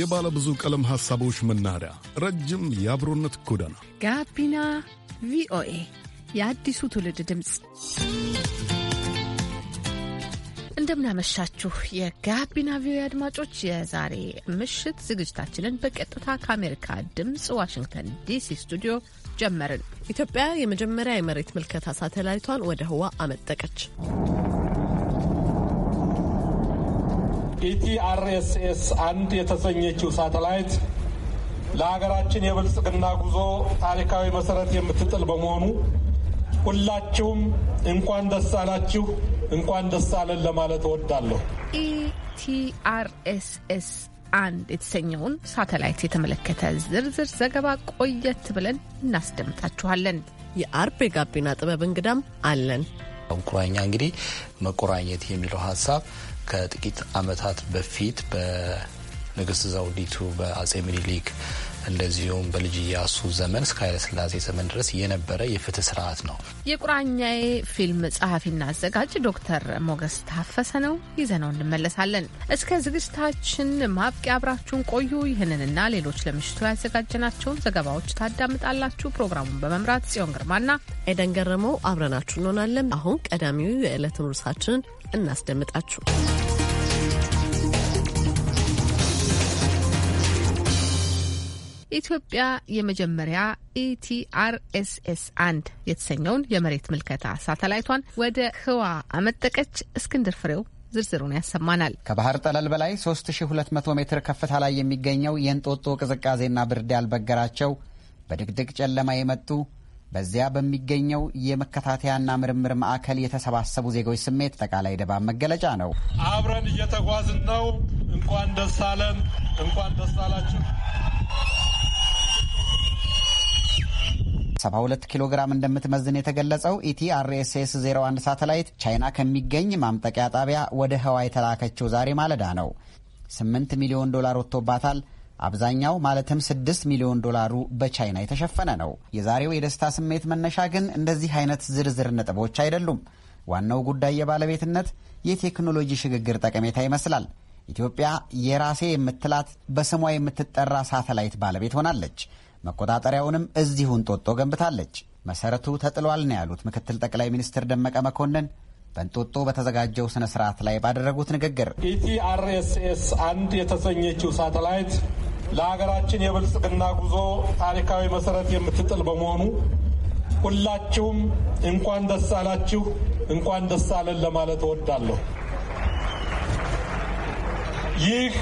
የባለ ብዙ ቀለም ሐሳቦች መናኸሪያ፣ ረጅም የአብሮነት ጎዳና ጋቢና ቪኦኤ የአዲሱ ትውልድ ድምፅ። እንደምናመሻችሁ የጋቢና ቪዮ አድማጮች፣ የዛሬ ምሽት ዝግጅታችንን በቀጥታ ከአሜሪካ ድምፅ ዋሽንግተን ዲሲ ስቱዲዮ ጀመርን። ኢትዮጵያ የመጀመሪያ የመሬት ምልከታ ሳተላይቷን ወደ ህዋ አመጠቀች። ኢቲአርኤስኤስ አንድ የተሰኘችው ሳተላይት ለሀገራችን የብልጽግና ጉዞ ታሪካዊ መሰረት የምትጥል በመሆኑ ሁላችሁም እንኳን ደስ አላችሁ፣ እንኳን ደስ አለን ለማለት እወዳለሁ። ኢቲአርኤስኤስ አንድ የተሰኘውን ሳተላይት የተመለከተ ዝርዝር ዘገባ ቆየት ብለን እናስደምጣችኋለን። የአርብ የጋቢና ጥበብ እንግዳም አለን። እንኩራኛ እንግዲህ መቆራኘት የሚለው ሀሳብ ከጥቂት ዓመታት በፊት በንግስት ዘውዲቱ በአጼ ምኒልክ እንደዚሁም በልጅ እያሱ ዘመን እስከ ኃይለስላሴ ዘመን ድረስ የነበረ የፍትህ ስርዓት ነው። የቁራኛዬ ፊልም ጸሐፊና አዘጋጅ ዶክተር ሞገስ ታፈሰ ነው። ይዘነው እንመለሳለን። እስከ ዝግጅታችን ማብቂያ አብራችሁን ቆዩ። ይህንንና ሌሎች ለምሽቱ ያዘጋጀናቸውን ዘገባዎች ታዳምጣላችሁ። ፕሮግራሙን በመምራት ጽዮን ግርማና ኤደን ገረመው አብረናችሁ እንሆናለን። አሁን ቀዳሚው የዕለት ርዕሳችንን እናስደምጣችሁ። ኢትዮጵያ የመጀመሪያ ኢቲአርኤስኤስ አንድ የተሰኘውን የመሬት ምልከታ ሳተላይቷን ወደ ህዋ አመጠቀች። እስክንድር ፍሬው ዝርዝሩን ያሰማናል። ከባህር ጠለል በላይ 3200 ሜትር ከፍታ ላይ የሚገኘው የእንጦጦ ቅዝቃዜና ብርድ ያልበገራቸው በድቅድቅ ጨለማ የመጡ በዚያ በሚገኘው የመከታተያና ምርምር ማዕከል የተሰባሰቡ ዜጎች ስሜት አጠቃላይ ድባብ መገለጫ ነው። አብረን እየተጓዝን ነው። እንኳን ደስ አለን፣ እንኳን ደስ አላችሁ። 72 ኪሎ ግራም እንደምትመዝን የተገለጸው ኢቲአርኤስኤስ 01 ሳተላይት ቻይና ከሚገኝ ማምጠቂያ ጣቢያ ወደ ህዋ የተላከችው ዛሬ ማለዳ ነው። 8 ሚሊዮን ዶላር ወጥቶባታል። አብዛኛው ማለትም 6 ሚሊዮን ዶላሩ በቻይና የተሸፈነ ነው። የዛሬው የደስታ ስሜት መነሻ ግን እንደዚህ አይነት ዝርዝር ነጥቦች አይደሉም። ዋናው ጉዳይ የባለቤትነት የቴክኖሎጂ ሽግግር ጠቀሜታ ይመስላል። ኢትዮጵያ የራሴ የምትላት በስሟ የምትጠራ ሳተላይት ባለቤት ሆናለች። መቆጣጠሪያውንም እዚሁ እንጦጦ ገንብታለች። መሰረቱ ተጥሏል ነው ያሉት ምክትል ጠቅላይ ሚኒስትር ደመቀ መኮንን በእንጦጦ በተዘጋጀው ስነ ስርዓት ላይ ባደረጉት ንግግር ኢቲአርኤስኤስ አንድ የተሰኘችው ሳተላይት ለሀገራችን የብልጽግና ጉዞ ታሪካዊ መሰረት የምትጥል በመሆኑ ሁላችሁም እንኳን ደስ አላችሁ፣ እንኳን ደስ አለን ለማለት እወዳለሁ። ይህ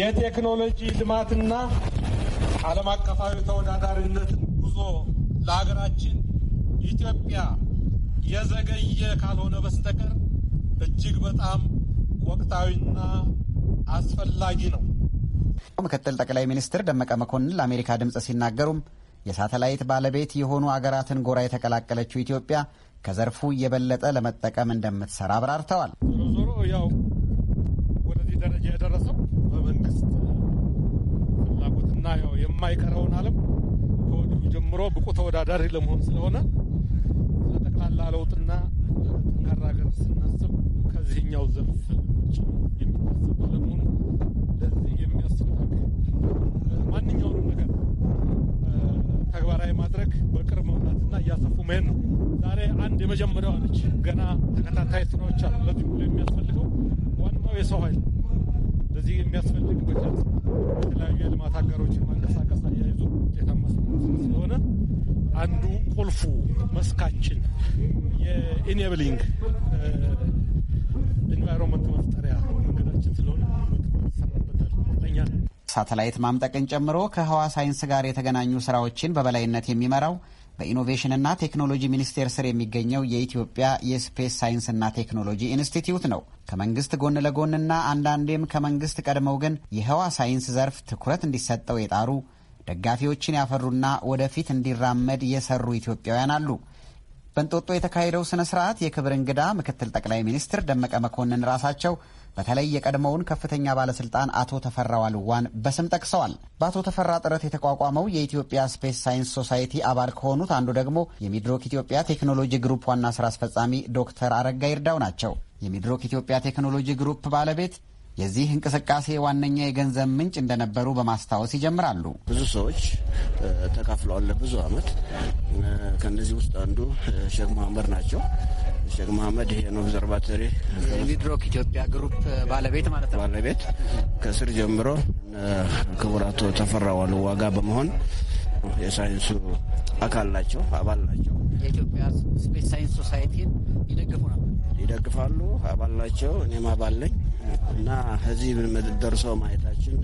የቴክኖሎጂ ልማትና ዓለም አቀፋዊ ተወዳዳሪነትን ጉዞ ለሀገራችን ኢትዮጵያ የዘገየ ካልሆነ በስተቀር እጅግ በጣም ወቅታዊና አስፈላጊ ነው። ምክትል ጠቅላይ ሚኒስትር ደመቀ መኮንን ለአሜሪካ ድምፅ ሲናገሩም የሳተላይት ባለቤት የሆኑ አገራትን ጎራ የተቀላቀለችው ኢትዮጵያ ከዘርፉ የበለጠ ለመጠቀም እንደምትሰራ አብራርተዋል። ዞሮ ዞሮ ያው ወደዚህ ደረጃ የደረሰ ያው የማይቀረውን ዓለም ከወዲሁ ጀምሮ ብቁ ተወዳዳሪ ለመሆን ስለሆነ ለጠቅላላ ለውጥና ጠንካራ ሀገር ስናስብ ከዚህኛው ዘርፍ ውጭ የሚታሰብ ለመሆኑ ለዚህ የሚያስፈልግ ማንኛውንም ነገር ተግባራዊ ማድረግ በቅርብ መምራትና እያሰፉ መሄድ ነው። ዛሬ አንድ የመጀመሪያዋ ነች። ገና ተከታታይ ስራዎች አሉ። ለዚህ ሁሉ የሚያስፈልገው ዋናው የሰው ኃይል ለዚህ የሚያስፈልግ በጀት የተለያዩ የልማት አጋሮችን ማንቀሳቀስ አያይዞ ውጤታማ ስለሆነ አንዱ ቁልፉ መስካችን የኢኔብሊንግ ኢንቫይሮንመንት መፍጠሪያ መንገዳችን ስለሆነ ሰራበታል ቁርጠኛ ሳተላይት ማምጠቅን ጨምሮ ከህዋ ሳይንስ ጋር የተገናኙ ስራዎችን በበላይነት የሚመራው በኢኖቬሽንና ቴክኖሎጂ ሚኒስቴር ስር የሚገኘው የኢትዮጵያ የስፔስ ሳይንስና ቴክኖሎጂ ኢንስቲትዩት ነው። ከመንግስት ጎን ለጎንና አንዳንዴም ከመንግስት ቀድመው ግን የህዋ ሳይንስ ዘርፍ ትኩረት እንዲሰጠው የጣሩ ደጋፊዎችን ያፈሩና ወደፊት እንዲራመድ የሰሩ ኢትዮጵያውያን አሉ። በእንጦጦ የተካሄደው ስነ ስርዓት የክብር እንግዳ ምክትል ጠቅላይ ሚኒስትር ደመቀ መኮንን ራሳቸው በተለይ የቀድሞውን ከፍተኛ ባለስልጣን አቶ ተፈራ ዋልዋን በስም ጠቅሰዋል። በአቶ ተፈራ ጥረት የተቋቋመው የኢትዮጵያ ስፔስ ሳይንስ ሶሳይቲ አባል ከሆኑት አንዱ ደግሞ የሚድሮክ ኢትዮጵያ ቴክኖሎጂ ግሩፕ ዋና ስራ አስፈጻሚ ዶክተር አረጋ ይርዳው ናቸው። የሚድሮክ ኢትዮጵያ ቴክኖሎጂ ግሩፕ ባለቤት የዚህ እንቅስቃሴ ዋነኛ የገንዘብ ምንጭ እንደነበሩ በማስታወስ ይጀምራሉ። ብዙ ሰዎች ተካፍለዋል ለብዙ አመት ከነዚህ ውስጥ አንዱ ሼክ መሀመድ ናቸው። ሼክ መሀመድ ነው ኦብዘርቫቶሪ ሚድሮክ ኢትዮጵያ ግሩፕ ባለቤት ማለት ነው ባለቤት ከስር ጀምሮ ክቡር አቶ ተፈራ ዋሉ ዋጋ በመሆን የሳይንሱ አካል ናቸው፣ አባል ናቸው። የኢትዮጵያ ስፔስ ሳይንስ ሶሳይቲን ይደግፉ ነበር፣ ይደግፋሉ፣ አባል ናቸው። እኔም አባል ነኝ እና እዚህ ደርሰው ማየታችን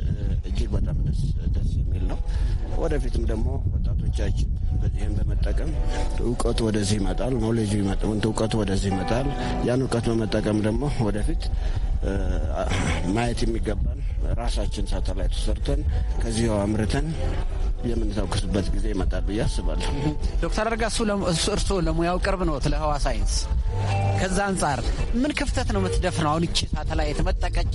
እጅግ በጣም ደስ ደስ የሚል ነው። ወደፊትም ደግሞ ወጣቶቻችን በዚህም በመጠቀም እውቀቱ ወደዚህ ይመጣል፣ ኖሌጁ እውቀቱ ወደዚህ ይመጣል። ያን እውቀት በመጠቀም ደግሞ ወደፊት ማየት የሚገባን ራሳችን ሳተላይት ሰርተን ከዚህ አምርተን የምንተኩስበት ጊዜ ይመጣል ብዬ አስባለሁ። ዶክተር አርጋሱ እርስዎ ለሙያው ቅርብ ነው ለህዋ ሳይንስ፣ ከዛ አንጻር ምን ክፍተት ነው የምትደፍነው? አሁን ይቺ ሳተላይት መጠቀች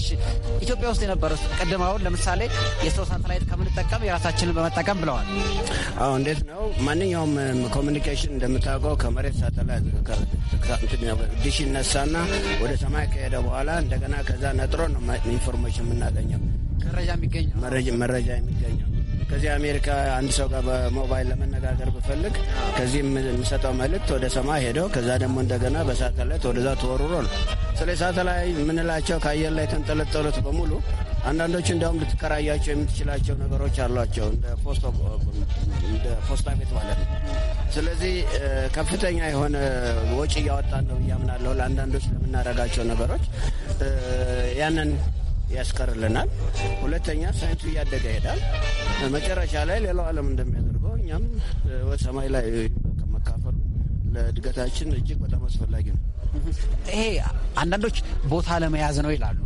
ኢትዮጵያ ውስጥ የነበረ ቅድም፣ አሁን ለምሳሌ የሰው ሳተላይት ከምንጠቀም የራሳችንን በመጠቀም ብለዋል። አዎ እንዴት ነው ማንኛውም ኮሚኒኬሽን እንደምታውቀው ከመሬት ሳተላይት ዲሽ ይነሳና ወደ ሰማይ ከሄደ በኋላ እንደገና ከዛ ነጥሮ ነው ኢንፎርሜሽን የምናገኘው መረጃ የሚገኘው ከዚህ አሜሪካ አንድ ሰው ጋር በሞባይል ለመነጋገር ብፈልግ ከዚህ የምሰጠው መልእክት ወደ ሰማይ ሄደው ከዛ ደግሞ እንደገና በሳተላይት ወደዛ ተወርሮ ነው። ስለ ሳተላይ የምንላቸው ከአየር ላይ የተንጠለጠሉት በሙሉ አንዳንዶቹ እንዲያውም ልትከራያቸው የምትችላቸው ነገሮች አሏቸው፣ እንደ ፖስታ ቤት ማለት ነው። ስለዚህ ከፍተኛ የሆነ ወጪ እያወጣን ነው ብዬ ለአንዳንዶች ለምናደርጋቸው ነገሮች ያንን ያስቀርልናል። ሁለተኛ ሳይንሱ እያደገ ይሄዳል። መጨረሻ ላይ ሌላው ዓለም እንደሚያደርገው እኛም በሰማይ ላይ መካፈሉ ለእድገታችን እጅግ በጣም አስፈላጊ ነው። ይሄ አንዳንዶች ቦታ ለመያዝ ነው ይላሉ።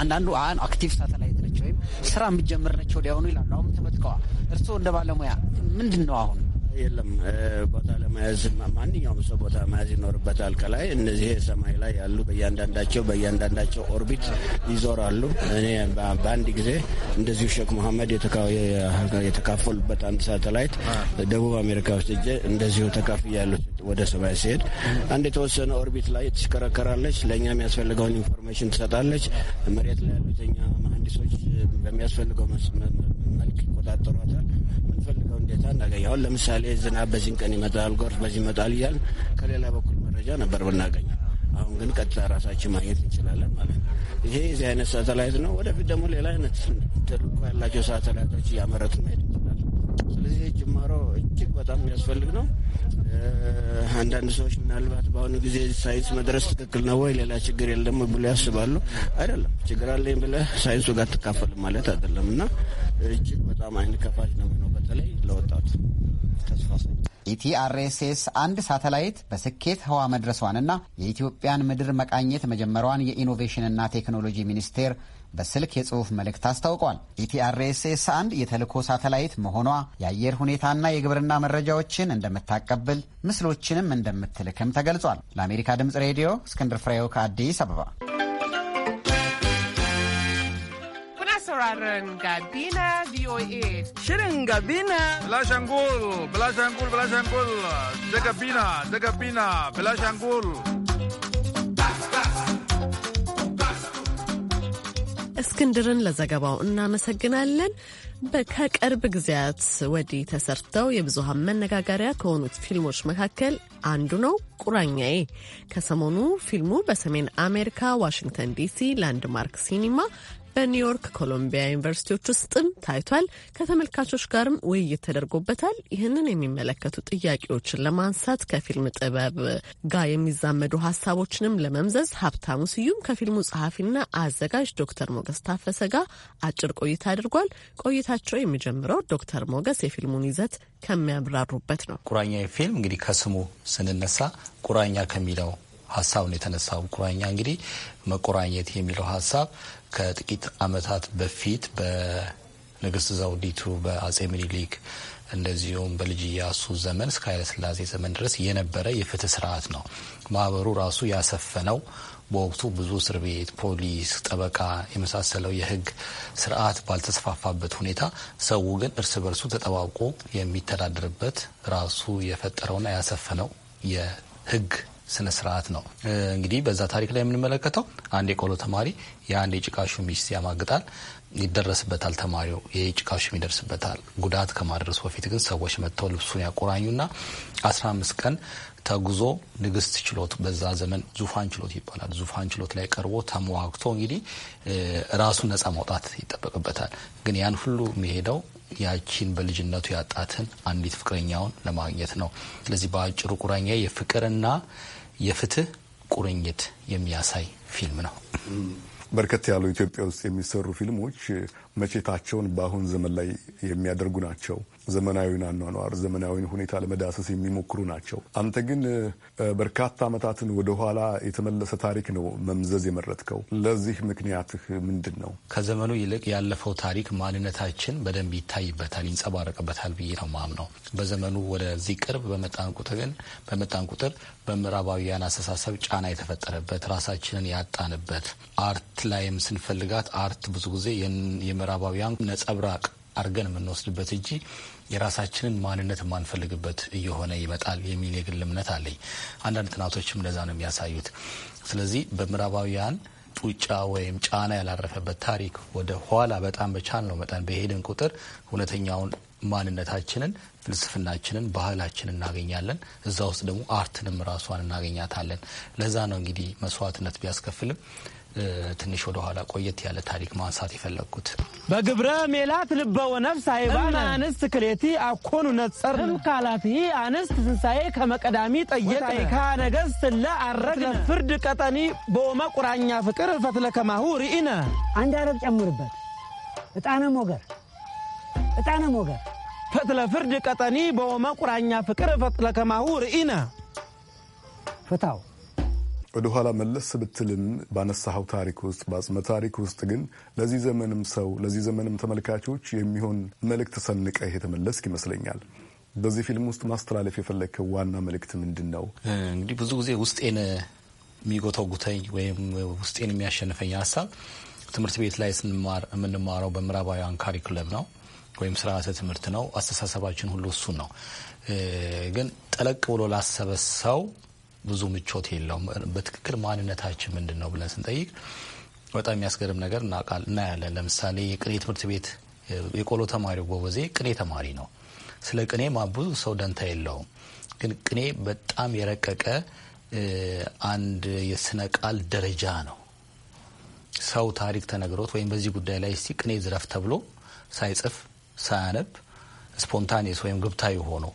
አንዳንዱ አን አክቲቭ ሳተላይት ነች ወይም ስራ የምትጀምር ነች ወዲያውኑ ይላሉ። አሁን ተመትከዋ እርስዎ እንደ ባለሙያ ምንድን ነው አሁን የለም። ቦታ ለመያዝ ማንኛውም ሰው ቦታ መያዝ ይኖርበታል። ከላይ እነዚህ ሰማይ ላይ ያሉ በእያንዳንዳቸው በእያንዳንዳቸው ኦርቢት ይዞራሉ። እኔ በአንድ ጊዜ እንደዚሁ ሼክ መሐመድ የተካፈሉበት አንድ ሳተላይት ደቡብ አሜሪካ ውስጥ እጀ እንደዚሁ ተካፍ ያሉ ወደ ሰማይ ሲሄድ አንድ የተወሰነ ኦርቢት ላይ ትሽከረከራለች። ለእኛ የሚያስፈልገውን ኢንፎርሜሽን ትሰጣለች። መሬት ላይ ያሉተኛ መሀንዲሶች በሚያስፈልገው መልክ ይቆጣጠሯታል። ምንፈልገውን ዴታ እናገኝ። አሁን ለምሳሌ ዝናብ በዚህን ቀን ይመጣል፣ ጎርፍ በዚህ ይመጣል እያል ከሌላ በኩል መረጃ ነበር ብናገኝ። አሁን ግን ቀጥታ ራሳችን ማግኘት እንችላለን ማለት ነው። ይሄ የዚህ አይነት ሳተላይት ነው። ወደፊት ደግሞ ሌላ አይነት ተልእኮ ያላቸው ሳተላይቶች እያመረቱ መሄድ ስለዚህ ጅማሮ እጅግ በጣም የሚያስፈልግ ነው። አንዳንድ ሰዎች ምናልባት በአሁኑ ጊዜ ሳይንስ መድረስ ትክክል ነው ወይ ሌላ ችግር የለም ብሎ ያስባሉ። አይደለም ችግር አለኝ ብለህ ሳይንሱ ጋር ትካፈል ማለት አይደለም እና እጅግ በጣም አይን ከፋች ነው ነው በተለይ ለወጣቱ ተስፋ ኢቲአርኤስኤስ አንድ ሳተላይት በስኬት ህዋ መድረሷንና የኢትዮጵያን ምድር መቃኘት መጀመሯን የኢኖቬሽንና ቴክኖሎጂ ሚኒስቴር በስልክ የጽሑፍ መልእክት አስታውቋል። ኢቲአርኤስኤስ አንድ የተልእኮ ሳተላይት መሆኗ የአየር ሁኔታና የግብርና መረጃዎችን እንደምታቀብል ምስሎችንም እንደምትልክም ተገልጿል። ለአሜሪካ ድምጽ ሬዲዮ እስክንድር ፍሬው ከአዲስ አበባ። ጋቢና ሽርን ጋቢና ብላሻንጉል ብላሻንጉል ብላሻንጉል ዘጋቢና ዘጋቢና ብላሻንጉል እስክንድርን ለዘገባው እናመሰግናለን። ከቅርብ ጊዜያት ወዲህ ተሰርተው የብዙሃን መነጋገሪያ ከሆኑት ፊልሞች መካከል አንዱ ነው ቁራኛዬ። ከሰሞኑ ፊልሙ በሰሜን አሜሪካ ዋሽንግተን ዲሲ ላንድማርክ ሲኒማ በኒውዮርክ ኮሎምቢያ ዩኒቨርሲቲዎች ውስጥም ታይቷል። ከተመልካቾች ጋርም ውይይት ተደርጎበታል። ይህንን የሚመለከቱ ጥያቄዎችን ለማንሳት ከፊልም ጥበብ ጋር የሚዛመዱ ሀሳቦችንም ለመምዘዝ ሀብታሙ ስዩም ከፊልሙ ጸሐፊና አዘጋጅ ዶክተር ሞገስ ታፈሰ ጋር አጭር ቆይታ አድርጓል። ቆይታቸው የሚጀምረው ዶክተር ሞገስ የፊልሙን ይዘት ከሚያብራሩበት ነው። ቁራኛ ፊልም እንግዲህ ከስሙ ስንነሳ ቁራኛ ከሚለው ሀሳብ ነው የተነሳው። ቁራኛ እንግዲህ መቆራኘት የሚለው ሀሳብ ከጥቂት አመታት በፊት በንግስት ዘውዲቱ በአጼ ምኒልክ እንደዚሁም በልጅ ኢያሱ ዘመን እስከ ስላሴ ዘመን ድረስ የነበረ የፍትህ ስርዓት ነው። ማህበሩ ራሱ ያሰፈነው በወቅቱ ብዙ እስር ቤት፣ ፖሊስ፣ ጠበቃ የመሳሰለው የህግ ስርዓት ባልተስፋፋበት ሁኔታ ሰው ግን እርስ በርሱ ተጠባብቆ የሚተዳደርበት ራሱ የፈጠረውና ያሰፈነው የህግ ስነ ስርዓት ነው። እንግዲህ በዛ ታሪክ ላይ የምንመለከተው አንድ የቆሎ ተማሪ የአንድ የጭቃሹ ሹም ሚስት ያማግጣል። ይደረስበታል፣ ተማሪው የጭቃ ጭቃሹም ይደርስበታል። ጉዳት ከማድረሱ በፊት ግን ሰዎች መጥተው ልብሱን ያቆራኙና አስራ አምስት ቀን ተጉዞ ንግስት ችሎት በዛ ዘመን ዙፋን ችሎት ይባላል። ዙፋን ችሎት ላይ ቀርቦ ተሟግቶ እንግዲህ ራሱን ነጻ ማውጣት ይጠበቅበታል። ግን ያን ሁሉ የሚሄደው ያቺን በልጅነቱ ያጣትን አንዲት ፍቅረኛውን ለማግኘት ነው። ስለዚህ በአጭሩ ቁራኛ የፍቅርና የፍትህ ቁርኝት የሚያሳይ ፊልም ነው። በርከት ያሉ ኢትዮጵያ ውስጥ የሚሰሩ ፊልሞች መቼታቸውን በአሁን ዘመን ላይ የሚያደርጉ ናቸው። ዘመናዊን አኗኗር ዘመናዊን ሁኔታ ለመዳሰስ የሚሞክሩ ናቸው። አንተ ግን በርካታ ዓመታትን ወደኋላ የተመለሰ ታሪክ ነው መምዘዝ የመረጥከው። ለዚህ ምክንያትህ ምንድን ነው? ከዘመኑ ይልቅ ያለፈው ታሪክ ማንነታችን በደንብ ይታይበታል፣ ይንጸባረቅበታል ብዬ ነው ማምነው። በዘመኑ ወደዚህ ቅርብ በመጣን ቁጥር ግን በመጣን ቁጥር በምዕራባዊያን አስተሳሰብ ጫና የተፈጠረበት ራሳችንን ያጣንበት አርት ላይም ስንፈልጋት አርት ብዙ ጊዜ የምዕራባዊያን ነጸብራቅ አድርገን የምንወስድበት እንጂ የራሳችንን ማንነት የማንፈልግበት እየሆነ ይመጣል የሚል የግል እምነት አለኝ። አንዳንድ ጥናቶችም እንደዛ ነው የሚያሳዩት። ስለዚህ በምዕራባውያን ጡጫ ወይም ጫና ያላረፈበት ታሪክ ወደ ኋላ በጣም በቻልነው መጠን በሄድን ቁጥር እውነተኛውን ማንነታችንን፣ ፍልስፍናችንን፣ ባህላችንን እናገኛለን። እዛ ውስጥ ደግሞ አርትንም ራሷን እናገኛታለን። ለዛ ነው እንግዲህ መስዋዕትነት ቢያስከፍልም ትንሽ ወደ ኋላ ቆየት ያለ ታሪክ ማንሳት የፈለግኩት በግብረ ሜላት ልበወ ነፍስ አይባን አንስት ክሌቲ አኮኑ ነጸርም ካላት አንስት ትንሣኤ ከመቀዳሚ ጠየቀ ካ ስለ አረግ ፍርድ ቀጠኒ በኦመ ቁራኛ ፍቅር ፈትለ ከማሁ ርኢነ አንድ አረብ ጨምርበት እጣነ ሞገር እጣነ ሞገር ፈትለ ፍርድ ቀጠኒ በኦመ ቁራኛ ፍቅር ፈትለ ከማሁ ርኢነ ፍታው ወደ ኋላ መለስ ብትልም ባነሳኸው ታሪክ ውስጥ በአጽመ ታሪክ ውስጥ ግን ለዚህ ዘመንም ሰው ለዚህ ዘመንም ተመልካቾች የሚሆን መልእክት ሰንቀህ የተመለስክ ይመስለኛል። በዚህ ፊልም ውስጥ ማስተላለፍ የፈለግከው ዋና መልእክት ምንድን ነው? እንግዲህ ብዙ ጊዜ ውስጤን የሚጎተጉተኝ ወይም ውስጤን የሚያሸንፈኝ ሀሳብ ትምህርት ቤት ላይ ስንማር የምንማረው በምዕራባውያን ካሪኩለም ነው ወይም ስርዓተ ትምህርት ነው። አስተሳሰባችን ሁሉ እሱን ነው። ግን ጠለቅ ብሎ ላሰበ ሰው ብዙ ምቾት የለውም። በትክክል ማንነታችን ምንድን ነው ብለን ስንጠይቅ በጣም የሚያስገርም ነገር እናያለን። ለምሳሌ የቅኔ ትምህርት ቤት የቆሎ ተማሪው ጎበዜ ቅኔ ተማሪ ነው። ስለ ቅኔ ብዙ ሰው ደንታ የለውም። ግን ቅኔ በጣም የረቀቀ አንድ የስነ ቃል ደረጃ ነው። ሰው ታሪክ ተነግሮት ወይም በዚህ ጉዳይ ላይ እስቲ ቅኔ ዝረፍ ተብሎ ሳይጽፍ ሳያነብ ስፖንታኔስ ወይም ግብታዊ ሆኖ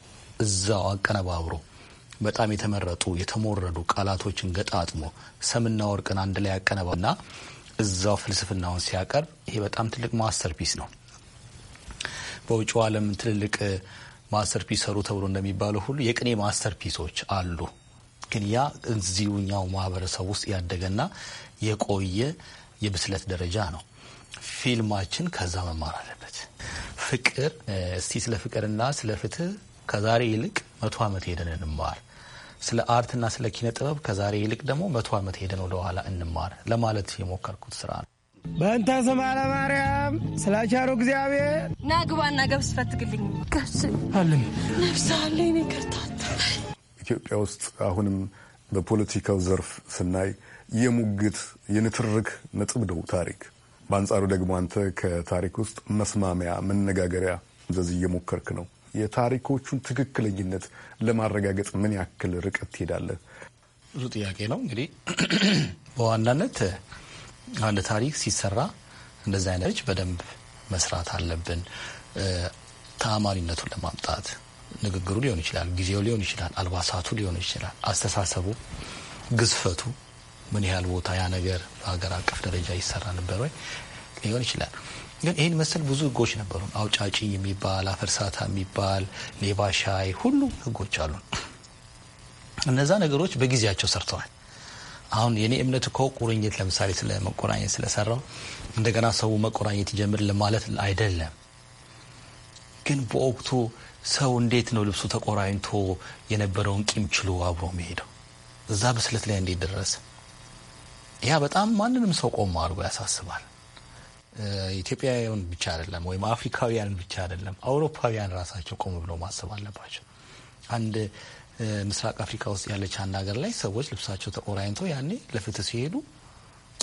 እዛው አቀነባብሮ በጣም የተመረጡ የተሞረዱ ቃላቶችን ገጣጥሞ ሰምና ወርቅን አንድ ላይ ያቀነባና እዛው ፍልስፍናውን ሲያቀርብ ይሄ በጣም ትልቅ ማስተርፒስ ነው። በውጭ ዓለም ትልልቅ ማስተርፒስ ሰሩ ተብሎ እንደሚባለው ሁሉ የቅኔ ማስተርፒሶች አሉ። ግን ያ እዚሁኛው ማህበረሰብ ውስጥ ያደገና የቆየ የብስለት ደረጃ ነው። ፊልማችን ከዛ መማር አለበት። ፍቅር እስቲ ስለ ፍቅርና ስለ ፍትህ ከዛሬ ይልቅ መቶ ዓመት ሄደን እንማር ስለ አርትና ስለ ኪነ ጥበብ ከዛሬ ይልቅ ደግሞ መቶ ዓመት ሄደን ወደኋላ እንማር ለማለት የሞከርኩት ስራ ነው። በእንተ ስማ ማርያም ስላቻሩ እግዚአብሔር ና ገብስ ፈትግልኝ ገብስ አለኝ ነፍስ አለኝ ይቅርታት። ኢትዮጵያ ውስጥ አሁንም በፖለቲካው ዘርፍ ስናይ የሙግት የንትርክ ነጥብ ነው ታሪክ። በአንጻሩ ደግሞ አንተ ከታሪክ ውስጥ መስማሚያ መነጋገሪያ እንደዚህ እየሞከርክ ነው። የታሪኮቹን ትክክለኝነት ለማረጋገጥ ምን ያክል ርቀት ትሄዳለህ? ብዙ ጥያቄ ነው። እንግዲህ በዋናነት አንድ ታሪክ ሲሰራ እንደዚህ አይነቶች በደንብ መስራት አለብን። ተአማኒነቱን ለማምጣት ንግግሩ ሊሆን ይችላል፣ ጊዜው ሊሆን ይችላል፣ አልባሳቱ ሊሆን ይችላል፣ አስተሳሰቡ፣ ግዝፈቱ ምን ያህል ቦታ ያ ነገር በሀገር አቀፍ ደረጃ ይሰራ ነበር ወይ ሊሆን ይችላል። ግን ይህን መሰል ብዙ ህጎች ነበሩ። አውጫጭ የሚባል አፈርሳታ የሚባል ሌባ ሻይ ሁሉ ህጎች አሉ። እነዛ ነገሮች በጊዜያቸው ሰርተዋል። አሁን የኔ እምነት እኮ ቁርኝት ለምሳሌ ስለ መቆራኘት ስለሰራው እንደገና ሰው መቆራኘት ይጀምር ለማለት አይደለም። ግን በወቅቱ ሰው እንዴት ነው ልብሱ ተቆራኝቶ የነበረውን ቂም ችሎ አብሮ መሄደው? እዛ ብስለት ላይ እንዴት ደረሰ? ያ በጣም ማንንም ሰው ቆም አድርጎ ያሳስባል። ኢትዮጵያውያን ብቻ አይደለም ወይም አፍሪካውያን ብቻ አይደለም፣ አውሮፓውያን ራሳቸው ቆም ብሎ ማሰብ አለባቸው። አንድ ምስራቅ አፍሪካ ውስጥ ያለች አንድ ሀገር ላይ ሰዎች ልብሳቸው ተቆራኝተው ያኔ ለፍትህ ሲሄዱ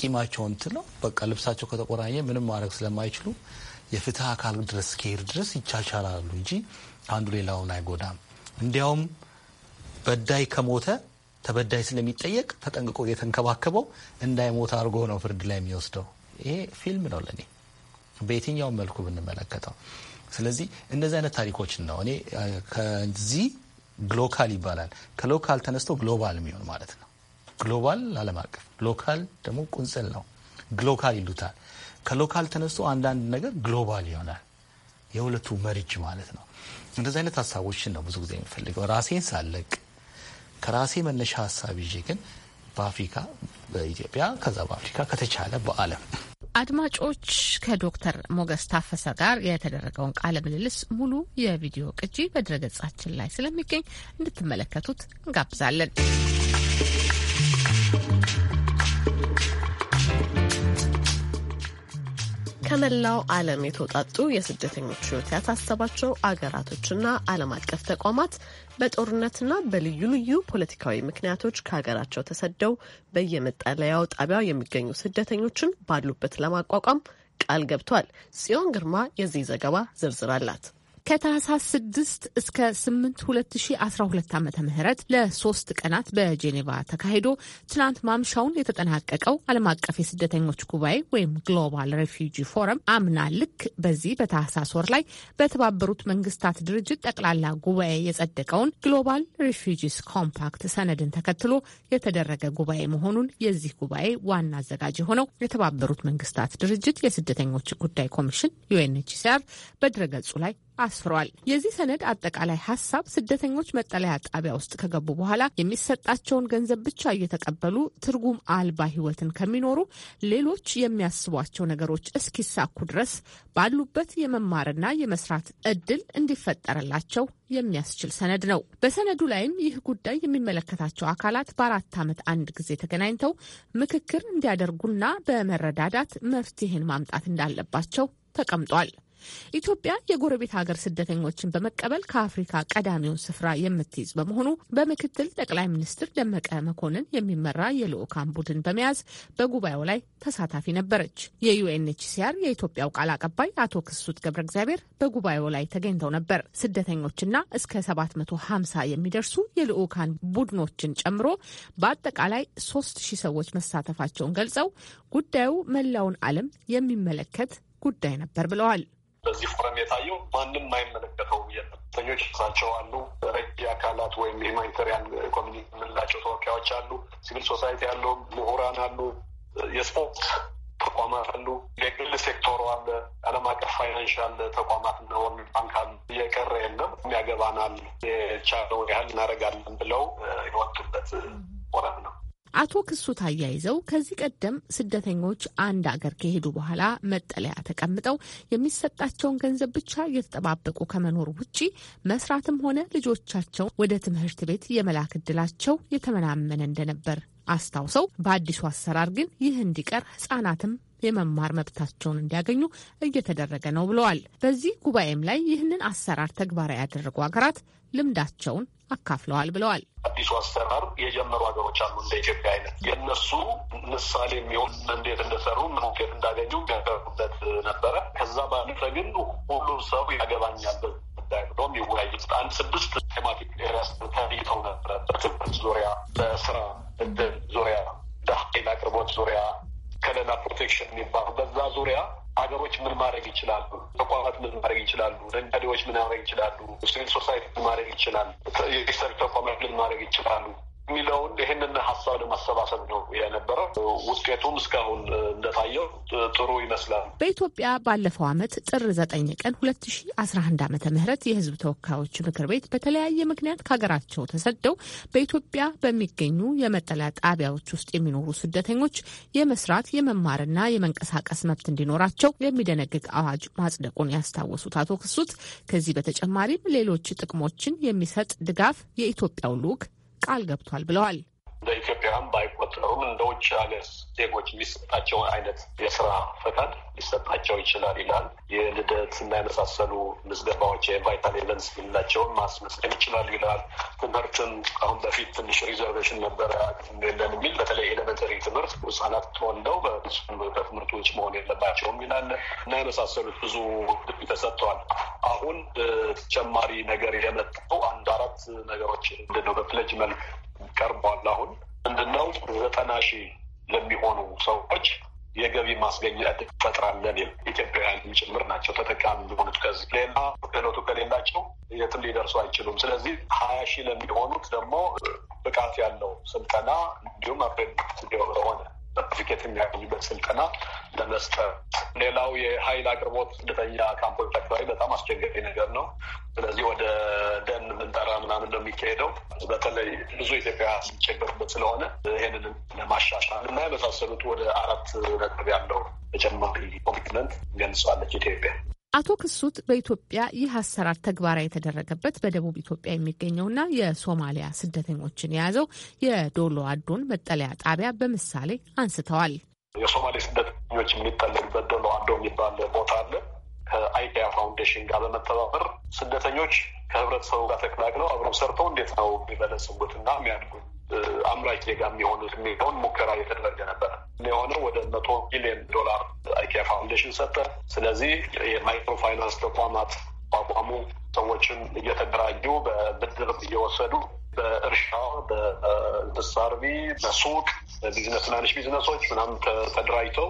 ቂማቸውን ትለው በቃ ልብሳቸው ከተቆራኘ ምንም ማድረግ ስለማይችሉ የፍትህ አካል ድረስ ከሄድ ድረስ ይቻቻላሉ እንጂ አንዱ ሌላውን አይጎዳም። እንዲያውም በዳይ ከሞተ ተበዳይ ስለሚጠየቅ ተጠንቅቆ የተንከባከበው እንዳይሞት አድርጎ ነው ፍርድ ላይ የሚወስደው። ይሄ ፊልም ነው ለእኔ በየትኛውም መልኩ ብንመለከተው። ስለዚህ እንደዚህ አይነት ታሪኮች ነው እኔ ከዚህ ግሎካል ይባላል ከሎካል ተነስቶ ግሎባል የሚሆን ማለት ነው። ግሎባል ዓለም አቀፍ፣ ሎካል ደግሞ ቁንጽል ነው። ግሎካል ይሉታል። ከሎካል ተነስቶ አንዳንድ ነገር ግሎባል ይሆናል። የሁለቱ መሪጅ ማለት ነው። እንደዚህ አይነት ሀሳቦችን ነው ብዙ ጊዜ የሚፈልገው ራሴን ሳለቅ ከራሴ መነሻ ሀሳብ ይዤ ግን በአፍሪካ በኢትዮጵያ ከዛ በአፍሪካ ከተቻለ በዓለም አድማጮች ከዶክተር ሞገስ ታፈሰ ጋር የተደረገውን ቃለ ምልልስ ሙሉ የቪዲዮ ቅጂ በድረገጻችን ላይ ስለሚገኝ እንድትመለከቱት እንጋብዛለን። ከመላው ዓለም የተውጣጡ የስደተኞች ሕይወት ያሳሰባቸው አገራቶችና ዓለም አቀፍ ተቋማት በጦርነትና በልዩ ልዩ ፖለቲካዊ ምክንያቶች ከሀገራቸው ተሰደው በየመጠለያው ጣቢያው የሚገኙ ስደተኞችን ባሉበት ለማቋቋም ቃል ገብቷል። ጽዮን ግርማ የዚህ ዘገባ ዝርዝር አላት። ከታህሳስ 6 እስከ 8 2012 ዓ ም ለሶስት ቀናት በጄኔቫ ተካሂዶ ትናንት ማምሻውን የተጠናቀቀው ዓለም አቀፍ የስደተኞች ጉባኤ ወይም ግሎባል ሬፊጂ ፎረም አምና ልክ በዚህ በታህሳስ ወር ላይ በተባበሩት መንግስታት ድርጅት ጠቅላላ ጉባኤ የጸደቀውን ግሎባል ሬፊጂስ ኮምፓክት ሰነድን ተከትሎ የተደረገ ጉባኤ መሆኑን የዚህ ጉባኤ ዋና አዘጋጅ የሆነው የተባበሩት መንግስታት ድርጅት የስደተኞች ጉዳይ ኮሚሽን ዩኤንኤችሲአር በድረገጹ ላይ አስፍሯል። የዚህ ሰነድ አጠቃላይ ሀሳብ ስደተኞች መጠለያ ጣቢያ ውስጥ ከገቡ በኋላ የሚሰጣቸውን ገንዘብ ብቻ እየተቀበሉ ትርጉም አልባ ህይወትን ከሚኖሩ ሌሎች የሚያስቧቸው ነገሮች እስኪሳኩ ድረስ ባሉበት የመማርና የመስራት እድል እንዲፈጠርላቸው የሚያስችል ሰነድ ነው። በሰነዱ ላይም ይህ ጉዳይ የሚመለከታቸው አካላት በአራት ዓመት አንድ ጊዜ ተገናኝተው ምክክር እንዲያደርጉና በመረዳዳት መፍትሄን ማምጣት እንዳለባቸው ተቀምጧል። ኢትዮጵያ የጎረቤት ሀገር ስደተኞችን በመቀበል ከአፍሪካ ቀዳሚውን ስፍራ የምትይዝ በመሆኑ በምክትል ጠቅላይ ሚኒስትር ደመቀ መኮንን የሚመራ የልዑካን ቡድን በመያዝ በጉባኤው ላይ ተሳታፊ ነበረች። የዩኤንኤችሲአር የኢትዮጵያው ቃል አቀባይ አቶ ክሱት ገብረ እግዚአብሔር በጉባኤው ላይ ተገኝተው ነበር። ስደተኞችና እስከ 750 የሚደርሱ የልዑካን ቡድኖችን ጨምሮ በአጠቃላይ 3000 ሰዎች መሳተፋቸውን ገልጸው ጉዳዩ መላውን ዓለም የሚመለከት ጉዳይ ነበር ብለዋል። በዚህ ፎረም የታየው ማንም የማይመለከተው የመተኞች ሳቸው አሉ፣ ረጂ አካላት ወይም ሂማኒታሪያን ኮሚኒቲ የምንላቸው ተወካዮች አሉ፣ ሲቪል ሶሳይቲ ያለው ምሁራን አሉ፣ የስፖርት ተቋማት አሉ፣ የግል ሴክተሩ አለ፣ ዓለም አቀፍ ፋይናንሻል ተቋማት እና ወርልድ ባንክ አሉ። እየቀረ የለም። የሚያገባናል የቻለው ያህል እናደርጋለን ብለው የወጡበት ፎረም ነው። አቶ ክሱት አያይዘው ከዚህ ቀደም ስደተኞች አንድ አገር ከሄዱ በኋላ መጠለያ ተቀምጠው የሚሰጣቸውን ገንዘብ ብቻ እየተጠባበቁ ከመኖር ውጪ መስራትም ሆነ ልጆቻቸው ወደ ትምህርት ቤት የመላክ እድላቸው የተመናመነ እንደነበር አስታውሰው በአዲሱ አሰራር ግን ይህ እንዲቀር ህጻናትም የመማር መብታቸውን እንዲያገኙ እየተደረገ ነው ብለዋል። በዚህ ጉባኤም ላይ ይህንን አሰራር ተግባራዊ ያደረጉ ሀገራት ልምዳቸውን አካፍለዋል ብለዋል። አዲሱ አሰራር የጀመሩ ሀገሮች አሉ እንደ ኢትዮጵያ አይነት የእነሱ ምሳሌ የሚሆን እንዴት እንደሰሩ ምን ውጤት እንዳገኙ ያቀርቡበት ነበረ። ከዛ ባለፈ ግን ሁሉም ሰው ያገባኛል ዳይሎም ይወያይ አንድ ስድስት ቴማቲክ ኤሪያስ ተይተው ነበረ በትምህርት ዙሪያ በስራ እንደ ዙሪያ ዳይን አቅርቦት ዙሪያ ከለላ ፕሮቴክሽን የሚባሉ በዛ ዙሪያ ሀገሮች ምን ማድረግ ይችላሉ? ተቋማት ምን ማድረግ ይችላሉ? ነጋዴዎች ምን ማድረግ ይችላሉ? ሲቪል ሶሳይቲ ምን ማድረግ ይችላል? የሪሰርች ተቋማት ምን ማድረግ ይችላሉ? የሚለውን ይህንን ሀሳብ ለማሰባሰብ ነው የነበረ። ውጤቱም እስካሁን እንደታየው ጥሩ ይመስላል። በኢትዮጵያ ባለፈው ዓመት ጥር ዘጠኝ ቀን ሁለት ሺ አስራ አንድ ዓመተ ምህረት የህዝብ ተወካዮች ምክር ቤት በተለያየ ምክንያት ከሀገራቸው ተሰደው በኢትዮጵያ በሚገኙ የመጠለያ ጣቢያዎች ውስጥ የሚኖሩ ስደተኞች የመስራት የመማርና የመንቀሳቀስ መብት እንዲኖራቸው የሚደነግግ አዋጅ ማጽደቁን ያስታወሱት አቶ ክሱት ከዚህ በተጨማሪም ሌሎች ጥቅሞችን የሚሰጥ ድጋፍ የኢትዮጵያው ልዑክ ቃል ገብቷል ብለዋል። በኢትዮጵያም ባይቆጠሩም እንደ ውጭ ሀገር ዜጎች የሚሰጣቸውን አይነት የስራ ፈቃድ ሊሰጣቸው ይችላል ይላል። የልደት እና የመሳሰሉ ምዝገባዎች የቫይታል ኤቨንስ የምንላቸውን ማስመስገብ ይችላል ይላል። ትምህርትም አሁን በፊት ትንሽ ሪዘርቬሽን ነበረ የለን የሚል በተለይ ኤሌመንተሪ ትምህርት ህጻናት ተወልደው በትምህርት ውጭ መሆን የለባቸውም ይላል እና የመሳሰሉት ብዙ ድብ ተሰጥተዋል። አሁን ተጨማሪ ነገር የመጣው አንድ አራት ነገሮች ምንድን በፕለጅ መልክ ቀርቧል። አሁን ምንድነው ዘጠና ሺህ ለሚሆኑ ሰዎች የገቢ ማስገኛ እድል ፈጥራለን። ኢትዮጵያውያን ጭምር ናቸው ተጠቃሚ የሆኑት። ከዚህ ሌላ ክህሎቱ ከሌላቸው የትም ሊደርሱ አይችሉም። ስለዚህ ሀያ ሺህ ለሚሆኑት ደግሞ ብቃት ያለው ስልጠና እንዲሁም አፕሬድ ሆነ ሰርቲፊኬት የሚያገኙበት ስልጠና ለመስጠት። ሌላው የሀይል አቅርቦት ስደተኛ ካምፖች አካባቢ በጣም አስቸጋሪ ነገር ነው። ስለዚህ ወደ ደን ምንጠራ ምናምን ነው የሚካሄደው። በተለይ ብዙ ኢትዮጵያ ሲቸገሩበት ስለሆነ ይህንን ለማሻሻል እና የመሳሰሉት ወደ አራት ነጥብ ያለው ተጨማሪ ኮሚትመንት ገልጸዋለች ኢትዮጵያ። አቶ ክሱት በኢትዮጵያ ይህ አሰራር ተግባራዊ የተደረገበት በደቡብ ኢትዮጵያ የሚገኘውና የሶማሊያ ስደተኞችን የያዘው የዶሎ አዶን መጠለያ ጣቢያ በምሳሌ አንስተዋል። የሶማሌ ስደተኞች የሚጠለሉበት ዶሎ አዶ የሚባል ቦታ አለ። ከአይኪያ ፋውንዴሽን ጋር በመተባበር ስደተኞች ከህብረተሰቡ ጋር ተቀላቅለው አብረው ሰርተው እንዴት ነው የሚበለጽጉት እና የሚያድጉት አምራች ዜጋ የሚሆኑት የሚሆን ሙከራ እየተደረገ ነበረ። የሆነው ወደ መቶ ቢሊዮን ዶላር አይኪያ ፋውንዴሽን ሰጠ። ስለዚህ የማይክሮ ፋይናንስ ተቋማት ቋቋሙ። ሰዎችን እየተደራጁ በብድር እየወሰዱ በእርሻ፣ በእንስሳ እርቢ፣ በሱቅ፣ በቢዝነስ ትናንሽ ቢዝነሶች ምናምን ተደራጅተው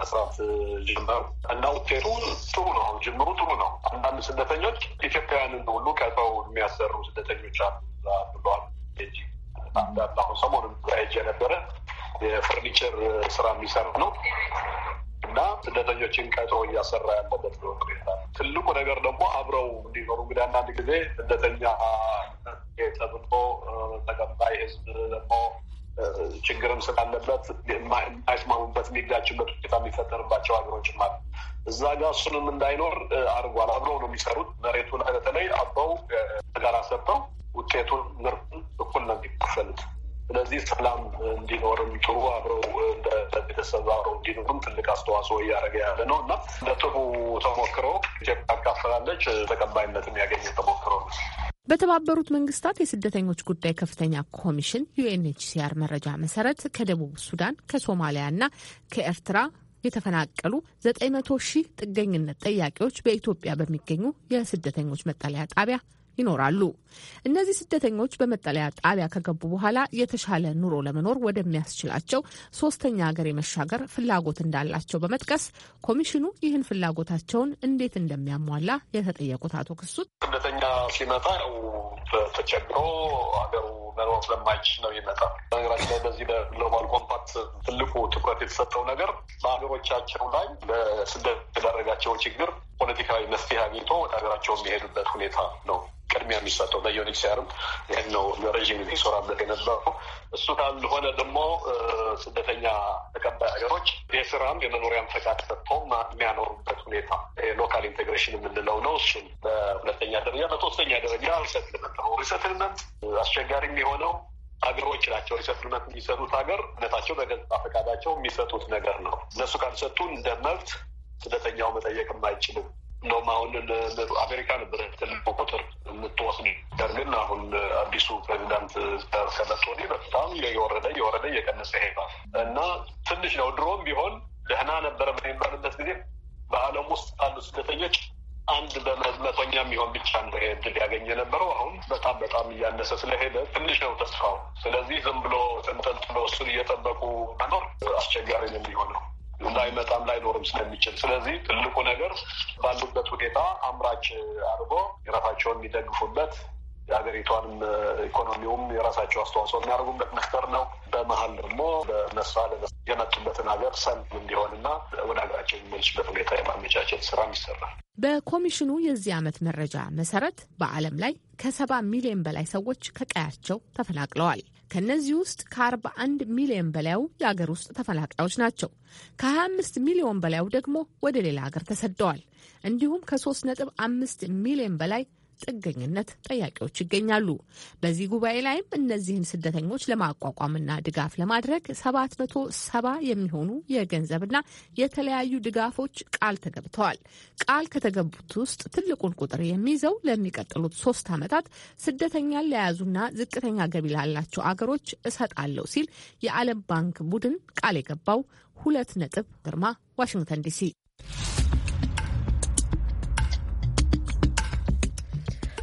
መስራት ጀመሩ እና ውጤቱ ጥሩ ነው። ጅምሩ ጥሩ ነው። አንዳንድ ስደተኞች ኢትዮጵያውያንን ሁሉ ቀጥረው የሚያሰሩ ስደተኞች አሉ ብለዋል። እንዳለ አሁን ሰሞኑን ሄጄ ነበረ። የፈርኒቸር ስራ የሚሰራ ነው እና ስደተኞችን ቀጥሮ እያሰራ ያለበት ነው። ትልቁ ነገር ደግሞ አብረው እንዲኖሩ እንግዲህ አንዳንድ ጊዜ ስደተኛ ተብሎ ተቀባይ ህዝብ ደግሞ ችግርም ስላለበት የማይስማሙበት የሚጋጭበት ሁኔታ የሚፈጠርባቸው ሀገሮች ማለት እዛ ጋር እሱንም እንዳይኖር አድርጓል። አብረው ነው የሚሰሩት መሬቱን በተለይ አብረው ጋራ ሰጥተው ውጤቱን ምርቱን እኩል ነው የሚከፈሉት። ስለዚህ ሰላም እንዲኖርም ጥሩ አብረው እንደ ቤተሰብ አብረው እንዲኖርም ትልቅ አስተዋጽኦ እያደረገ ያለ ነው እና እንደ ጥሩ ተሞክሮ ኢትዮጵያ አካፍላለች ተቀባይነትም ያገኘ ተሞክሮ ነው። በተባበሩት መንግስታት የስደተኞች ጉዳይ ከፍተኛ ኮሚሽን ዩኤንኤችሲአር መረጃ መሰረት ከደቡብ ሱዳን ከሶማሊያ ከሶማሊያና ከኤርትራ የተፈናቀሉ 900 ሺህ ጥገኝነት ጠያቂዎች በኢትዮጵያ በሚገኙ የስደተኞች መጠለያ ጣቢያ ይኖራሉ። እነዚህ ስደተኞች በመጠለያ ጣቢያ ከገቡ በኋላ የተሻለ ኑሮ ለመኖር ወደሚያስችላቸው ሶስተኛ ሀገር የመሻገር ፍላጎት እንዳላቸው በመጥቀስ ኮሚሽኑ ይህን ፍላጎታቸውን እንዴት እንደሚያሟላ የተጠየቁት አቶ ክሱት ስደተኛ ሲመጣ ያው ተቸግሮ ሀገሩ መኖር ስለማይችል ነው ይመጣ። በነገራችን ላይ በዚህ በግሎባል ኮምፓክት ትልቁ ትኩረት የተሰጠው ነገር በሀገሮቻቸው ላይ ለስደት የዳረጋቸው ችግር ፖለቲካዊ መፍትሄ አግኝቶ ወደ ሀገራቸው የሚሄዱበት ሁኔታ ነው። ቅድሚያ የሚሰጠው በዮኒክስ ያርም ይህን ነው ለረዥም ጊዜ ይሰራበት የነበረው። እሱ ካልሆነ ደግሞ ስደተኛ ተቀባይ ሀገሮች የስራም የመኖሪያም ፈቃድ ሰጥቶም የሚያኖሩበት ሁኔታ ሎካል ኢንቴግሬሽን የምንለው ነው። እሱን በሁለተኛ ደረጃ፣ በሶስተኛ ደረጃ ሪሰትልመንት ነው። ሪሰትልመንት አስቸጋሪ የሚሆነው ሀገሮች ናቸው። ሪሰትልመንት የሚሰጡት ሀገር እነታቸው በገዛ ፈቃዳቸው የሚሰጡት ነገር ነው። እነሱ ካልሰጡ እንደ መብት ስደተኛው መጠየቅ አይችልም። እንደውም አሁን አሜሪካ ነበረ ትልቅ ቁጥር የምትወስድ ነገር ግን አሁን አዲሱ ፕሬዚዳንት ከመጥቶ ወዲህ በጣም የወረደ የወረደ እየቀነሰ ይሄዳል እና ትንሽ ነው። ድሮም ቢሆን ደህና ነበረ በሚባልበት ጊዜ በዓለም ውስጥ ካሉ ስደተኞች አንድ በመቶኛ የሚሆን ብቻ ነው እድል ያገኘ ነበረው። አሁን በጣም በጣም እያነሰ ስለሄደ ትንሽ ነው ተስፋው። ስለዚህ ዝም ብሎ ተንጠልጥሎ እሱን እየጠበቁ መኖር አስቸጋሪ ነው የሚሆነው። ላይመጣም ላይኖርም ስለሚችል፣ ስለዚህ ትልቁ ነገር ባሉበት ሁኔታ አምራች አድርጎ የራሳቸውን የሚደግፉበት የሀገሪቷንም ኢኮኖሚውም የራሳቸው አስተዋጽኦ የሚያደርጉበት መፍጠር ነው። በመሀል ደግሞ በነሳ የመጡበትን ሀገር ሰላም እንዲሆንና ወደ ሀገራቸው የሚመልሱበት ሁኔታ የማመቻቸት ስራ ይሰራል። በኮሚሽኑ የዚህ ዓመት መረጃ መሰረት በዓለም ላይ ከሰባ ሚሊዮን በላይ ሰዎች ከቀያቸው ተፈናቅለዋል። ከእነዚህ ውስጥ ከ41 ሚሊዮን በላይው የአገር ውስጥ ተፈናቃዮች ናቸው። ከ25 ሚሊዮን በላይው ደግሞ ወደ ሌላ ሀገር ተሰደዋል። እንዲሁም ከ3.5 ሚሊዮን በላይ ጥገኝነት ጠያቂዎች ይገኛሉ። በዚህ ጉባኤ ላይም እነዚህን ስደተኞች ለማቋቋምና ድጋፍ ለማድረግ ሰባት መቶ ሰባ የሚሆኑ የገንዘብና የተለያዩ ድጋፎች ቃል ተገብተዋል። ቃል ከተገቡት ውስጥ ትልቁን ቁጥር የሚይዘው ለሚቀጥሉት ሶስት ዓመታት ስደተኛን ለያዙና ዝቅተኛ ገቢ ላላቸው አገሮች እሰጣለሁ ሲል የዓለም ባንክ ቡድን ቃል የገባው ሁለት ነጥብ ግርማ ዋሽንግተን ዲሲ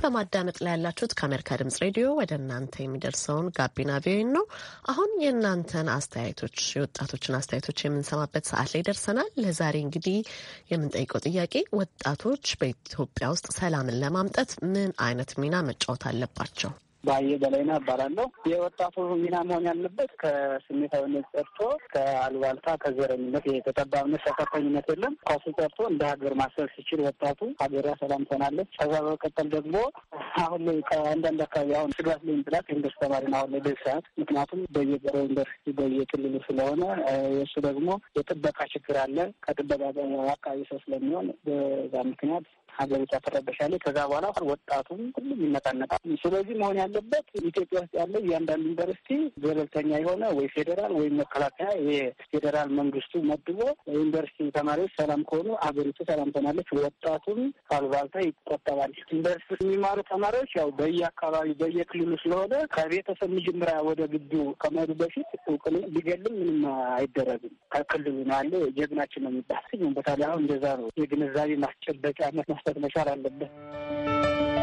በማዳመጥ ላይ ያላችሁት ከአሜሪካ ድምጽ ሬዲዮ ወደ እናንተ የሚደርሰውን ጋቢና ቪኦኤ ነው። አሁን የእናንተን አስተያየቶች የወጣቶችን አስተያየቶች የምንሰማበት ሰዓት ላይ ደርሰናል። ለዛሬ እንግዲህ የምንጠይቀው ጥያቄ ወጣቶች በኢትዮጵያ ውስጥ ሰላምን ለማምጣት ምን አይነት ሚና መጫወት አለባቸው? ባየ በላይና እባላለሁ። የወጣቱ ሚና መሆን ያለበት ከስሜታዊነት ጠርቶ ከአልባልታ፣ ከዘረኝነት የተጠባብነት፣ ሰቀቀኝነት የለም ከሱ ጠርቶ እንደ ሀገር ማሰብ ሲችል ወጣቱ ሀገሯ ሰላም ትሆናለች። ከዛ በቀጠል ደግሞ አሁን ላይ ከአንዳንድ አካባቢ አሁን ስጋት ላይ ምጥላት ዩኒቨርስቲ ተማሪን አሁን ላይ በዚህ ሰዓት ምክንያቱም በየገረ ዩኒቨርሲቲ በየክልሉ ስለሆነ የእሱ ደግሞ የጥበቃ ችግር አለ ከጥበቃ አካባቢ ሰው ስለሚሆን በዛ ምክንያት ሀገሪቷ ትረበሻለች። ከዛ በኋላ ወጣቱም ሁሉም ይነቃነቃል። ስለዚህ መሆን ያለበት ኢትዮጵያ ውስጥ ያለ እያንዳንዱ ዩኒቨርሲቲ ገለልተኛ የሆነ ወይ ፌዴራል ወይም መከላከያ የፌዴራል መንግስቱ መድቦ ዩኒቨርሲቲ ተማሪዎች ሰላም ከሆኑ ሀገሪቱ ሰላም ትሆናለች። ወጣቱም ካልባልታ ይቆጠባል። ዩኒቨርሲቲ የሚማሩ ተማሪዎች ያው በየአካባቢ በየክልሉ ስለሆነ ከቤተሰብ መጀመሪያ ወደ ግቢው ከመሄዱ በፊት እውቅን ሊገልም ምንም አይደረግም። ከክልሉ ነው ያለ ጀግናችን ነው የሚባል ቦታ ላይ አሁን እንደዛ ነው የግንዛቤ ማስጨበጫነት መስጠት መቻል አለብን።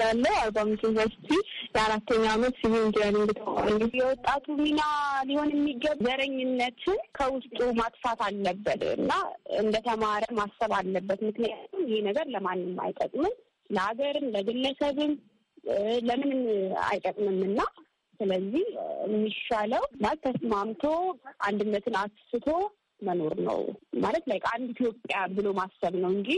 ያለው አርባ ምንጭ ዩኒቨርሲቲ የአራተኛ አመት ሲቪል ኢንጂነሪንግ ተማሪ የወጣቱ ሚና ሊሆን የሚገባ ዘረኝነትን ከውስጡ ማጥፋት አለበት እና እንደተማረ ማሰብ አለበት። ምክንያቱም ይህ ነገር ለማንም አይጠቅምም፣ ለሀገርም፣ ለግለሰብም ለምንም አይጠቅምም እና ስለዚህ የሚሻለው ማለት ተስማምቶ አንድነትን አስቶ መኖር ነው ማለት ላይ አንድ ኢትዮጵያ ብሎ ማሰብ ነው እንጂ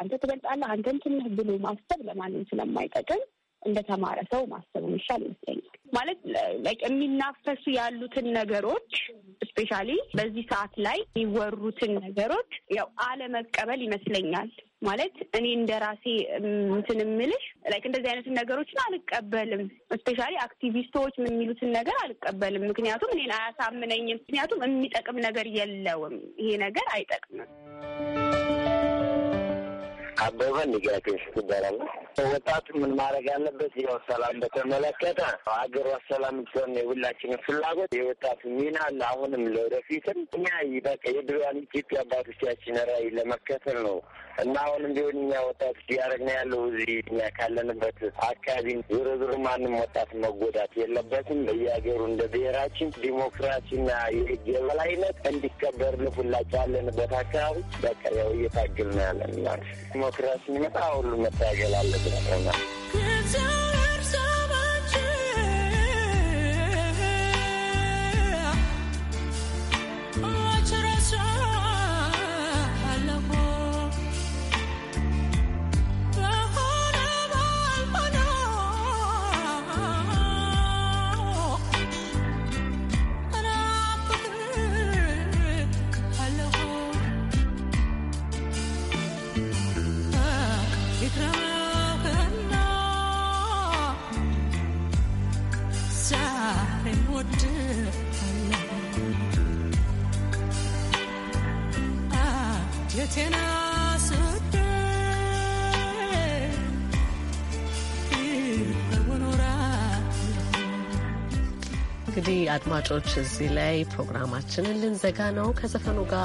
አንተ ትበልጣለህ፣ አንተ እንትን ነህ ብሎ ማሰብ ለማንም ስለማይጠቅም እንደተማረ ሰው ማሰብ ይሻል ይመስለኛል። ማለት የሚናፈሱ ያሉትን ነገሮች እስፔሻሊ በዚህ ሰዓት ላይ የሚወሩትን ነገሮች ያው አለመቀበል ይመስለኛል። ማለት እኔ እንደ ራሴ እንትን የምልሽ ላይክ እንደዚህ አይነትን ነገሮችን አልቀበልም። እስፔሻሊ አክቲቪስቶች የሚሉትን ነገር አልቀበልም። ምክንያቱም እኔን አያሳምነኝም። ምክንያቱም የሚጠቅም ነገር የለውም። ይሄ ነገር አይጠቅምም። አበበ ንጋቴ ይባላል። ወጣት ምን ማድረግ አለበት? ያው ሰላም በተመለከተ ሀገሯ ሰላም እንዲሆን የሁላችንም ፍላጎት የወጣቱ ሚና ለአሁንም ለወደፊትም እኛ በቃ የድሮዋን ኢትዮጵያ አባቶቻችን ራዕይ ለመከተል ነው እና አሁንም ቢሆን እኛ ወጣት እያደረግን ያለው እዚህ እኛ ካለንበት አካባቢ ዞሮ ዞሮ ማንም ወጣት መጎዳት የለበትም። በየሀገሩ እንደ ብሔራችን ዲሞክራሲና የህግ የበላይነት እንዲከበር ሁላችን ያለንበት አካባቢ በቃ ያው እየታግል ነው ያለን ማለት ክራስ የሚመጣ ሁሉ መታገል አለብን። አድማጮች እዚህ ላይ ፕሮግራማችንን ልንዘጋ ነው። ከዘፈኑ ጋር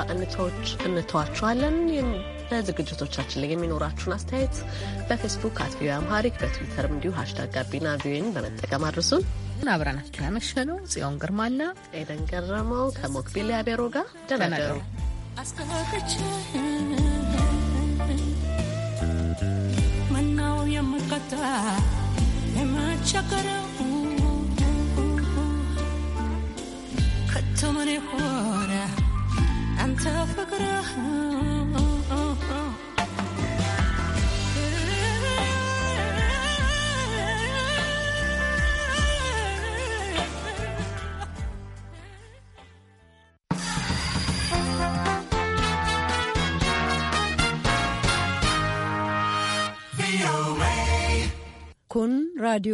እንተዋችኋለን። በዝግጅቶቻችን ላይ የሚኖራችሁን አስተያየት በፌስቡክ አት ቪኦኤ አምሃሪክ በትዊተርም እንዲሁ ሀሽታግ ጋቢና ቪኦኤን በመጠቀም አድርሱን። አብረናችሁ ያመሸነው ጽዮን ግርማና ኤደን ገረመው ከሞክቢል ያቤሮ ጋር ደናገሩ ደናደሩ መናው የምቀጣ የማቸገረው تو من خوره انت فکره kun raadiyoo.